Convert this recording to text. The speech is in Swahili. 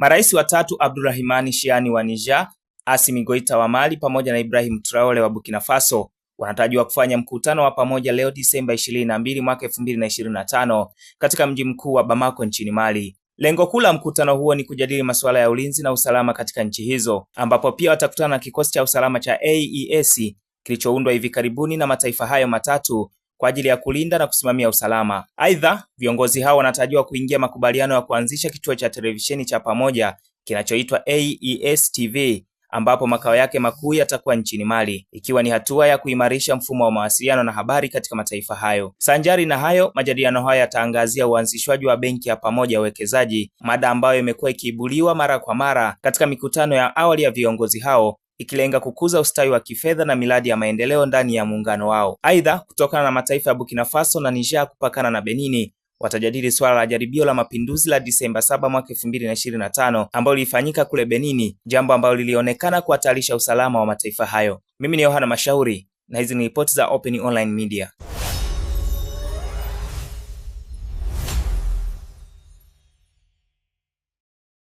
Marais watatu Abdurahimani Shiani wa Niger, Assimi Goita wa Mali pamoja na Ibrahim Traore wa Burkina Faso wanatarajiwa kufanya mkutano wa pamoja leo Disemba 22 mwaka 2025 katika mji mkuu wa Bamako nchini Mali. Lengo kuu la mkutano huo ni kujadili masuala ya ulinzi na usalama katika nchi hizo, ambapo pia watakutana na kikosi cha usalama cha AES kilichoundwa hivi karibuni na mataifa hayo matatu kwa ajili ya kulinda na kusimamia usalama. Aidha, viongozi hao wanatarajiwa kuingia makubaliano ya kuanzisha kituo cha televisheni cha pamoja kinachoitwa AES TV ambapo makao yake makuu yatakuwa nchini Mali, ikiwa ni hatua ya kuimarisha mfumo wa mawasiliano na habari katika mataifa hayo. Sanjari na hayo, majadiliano hayo yataangazia uanzishwaji wa benki ya pamoja ya uwekezaji, mada ambayo imekuwa ikiibuliwa mara kwa mara katika mikutano ya awali ya viongozi hao ikilenga kukuza ustawi wa kifedha na miradi ya maendeleo ndani ya muungano wao. Aidha, kutokana na mataifa ya Burkina Faso na Niger kupakana na Benini watajadili suala la jaribio la mapinduzi la Disemba 7 mwaka 2025 ambalo lilifanyika kule Benini, jambo ambalo lilionekana kuhatarisha usalama wa mataifa hayo. Mimi ni Yohana Mashauri na hizi ni ripoti za Open Online Media.